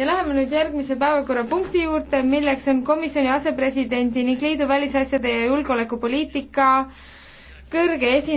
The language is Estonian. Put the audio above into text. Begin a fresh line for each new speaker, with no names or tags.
ja läheme nüüd järgmise päevakorrapunkti juurde, milleks on komisjoni asepresidendi ning liidu välisasjade ja julgeolekupoliitika kõrge esindaja